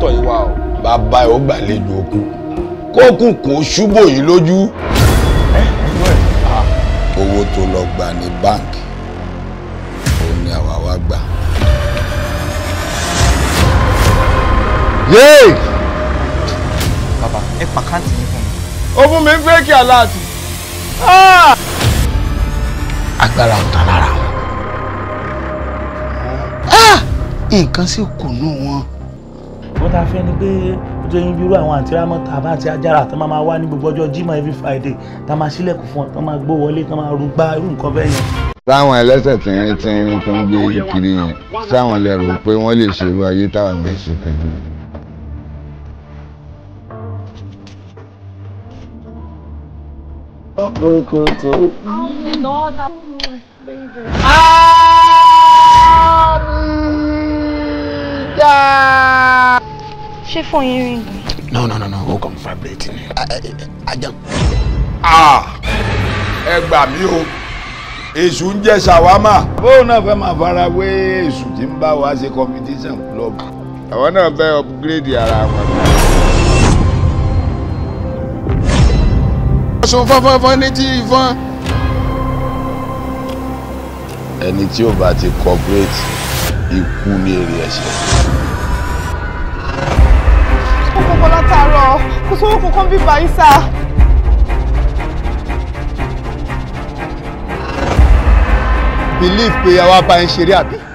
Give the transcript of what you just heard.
pásítọ̀ yìí wà o. bàbá ẹ̀ ó gbàlejò okùn kókùn kò ṣubú yìí lójú. owó tó lọ gbà ní báǹkì òun ni àwa wá gbà. yéè. bàbá ẹ pa káǹtì yìí fún mi. ogun mi ń fẹ́ kí aláàtì. agbára ọ̀tá lára nǹkan sì kùnú wọn tá a fẹ́ ni pé ó jẹ́ yín bí irú àwọn àti rámọ́tà àbá àti ajára tó máa wá ní gbogbo ọjọ́ Jímọ̀ every Friday tá máa sílẹ̀kùn fún ọ tó máa gbó wọlé tó máa rúgbá irú nǹkan bẹ́ẹ̀ yẹn. táwọn ẹlẹ́sẹ̀ tí wọ́n ti ń tó gbé kiri yẹn sáwọn lè rò pé wọ́n lè ṣerú ayé táwọn lè ṣe pẹ̀lú. Oh, no, ṣé fún yín ni. no no no no o kàn vibrate ni ajá. ẹ gbà mí o èṣù ń jẹ ṣàwámà bóun náà fẹ́ máa fara wé èṣù tí ń bá wa ṣe competition club àwọn náà fẹ́ upgrade ara wọn. aṣọ fọ́fọ́fọ́ ní tí ìfọ́n. ẹni tí ó bá ti cooperate ikú ní èrè ẹ̀ṣẹ̀. kan bí báyìí sá. believe pé àwa bá ń ṣeré àbí.